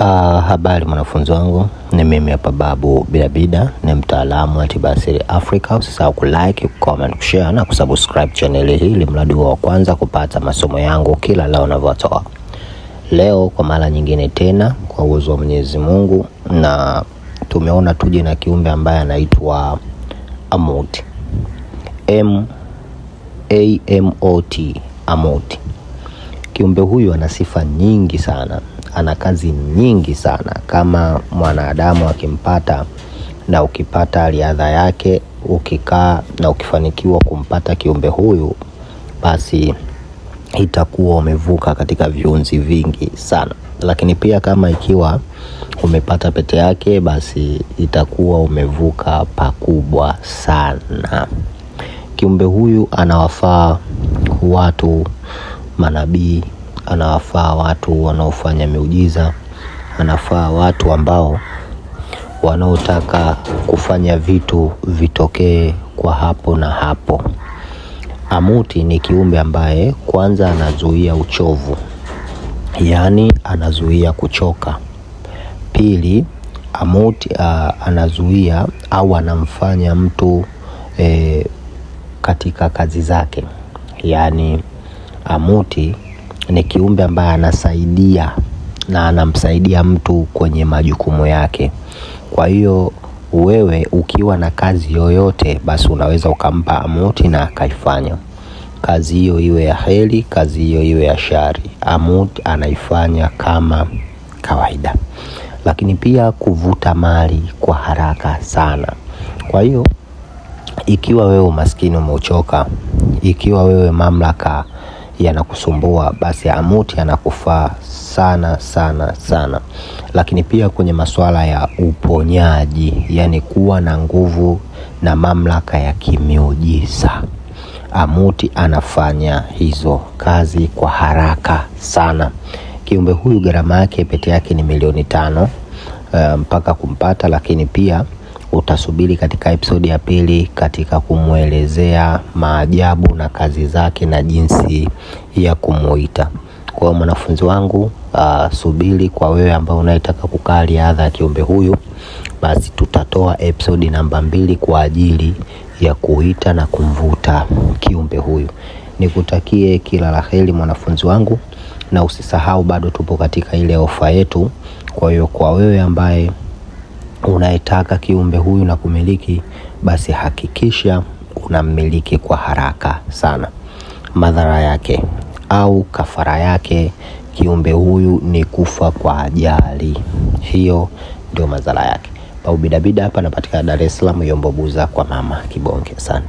Uh, habari mwanafunzi wangu, ni mimi hapa Babu Bidabida, ni mtaalamu wa tiba asili Afrika. Usisahau kulike, comment, share na kusubscribe channel hii ili mradi wa kwanza kupata masomo yangu kila leo ninavyotoa. Leo kwa mara nyingine tena kwa uwezo wa Mwenyezi Mungu, na tumeona tuje na kiumbe ambaye anaitwa Amoti, M A M O T, Amoti. Kiumbe huyu ana sifa nyingi sana ana kazi nyingi sana kama mwanadamu akimpata na ukipata riadha yake, ukikaa na ukifanikiwa kumpata kiumbe huyu, basi itakuwa umevuka katika viunzi vingi sana. Lakini pia kama ikiwa umepata pete yake, basi itakuwa umevuka pakubwa sana. Kiumbe huyu anawafaa watu, manabii anawafaa watu wanaofanya miujiza, anafaa watu ambao wanaotaka kufanya vitu vitokee kwa hapo na hapo. Amuti ni kiumbe ambaye kwanza anazuia uchovu, yaani anazuia kuchoka. Pili, Amuti uh, anazuia au anamfanya mtu e, katika kazi zake, yaani Amuti ni kiumbe ambaye anasaidia na anamsaidia mtu kwenye majukumu yake. Kwa hiyo wewe ukiwa na kazi yoyote basi unaweza ukampa Amuti na akaifanya. Kazi hiyo iwe ya heri, kazi hiyo iwe ya shari. Amuti anaifanya kama kawaida. Lakini pia kuvuta mali kwa haraka sana. Kwa hiyo ikiwa wewe umaskini umeuchoka, ikiwa wewe mamlaka yanakusumbua, basi amuti anakufaa sana sana sana. Lakini pia kwenye masuala ya uponyaji, yani kuwa na nguvu na mamlaka ya kimiujiza, amuti anafanya hizo kazi kwa haraka sana. Kiumbe huyu gharama yake pete yake ni milioni tano eh, mpaka kumpata, lakini pia utasubiri katika episodi ya pili katika kumwelezea maajabu na kazi zake na jinsi ya kumuita. Kwa hiyo mwanafunzi wangu, uh, subiri kwa wewe ambao unayetaka kukaa riadha ya kiumbe huyu, basi tutatoa episodi namba mbili kwa ajili ya kuita na kumvuta kiumbe huyu. Nikutakie kila la heri mwanafunzi wangu, na usisahau bado tupo katika ile ofa yetu. Kwa hiyo kwa wewe ambaye unayetaka kiumbe huyu na kumiliki, basi hakikisha unammiliki kwa haraka sana. Madhara yake au kafara yake, kiumbe huyu ni kufa kwa ajali. Hiyo ndio madhara yake. Bau Bidabida hapa napatikana Dar es Salaam, Yombobuza kwa mama Kibonge. Asante.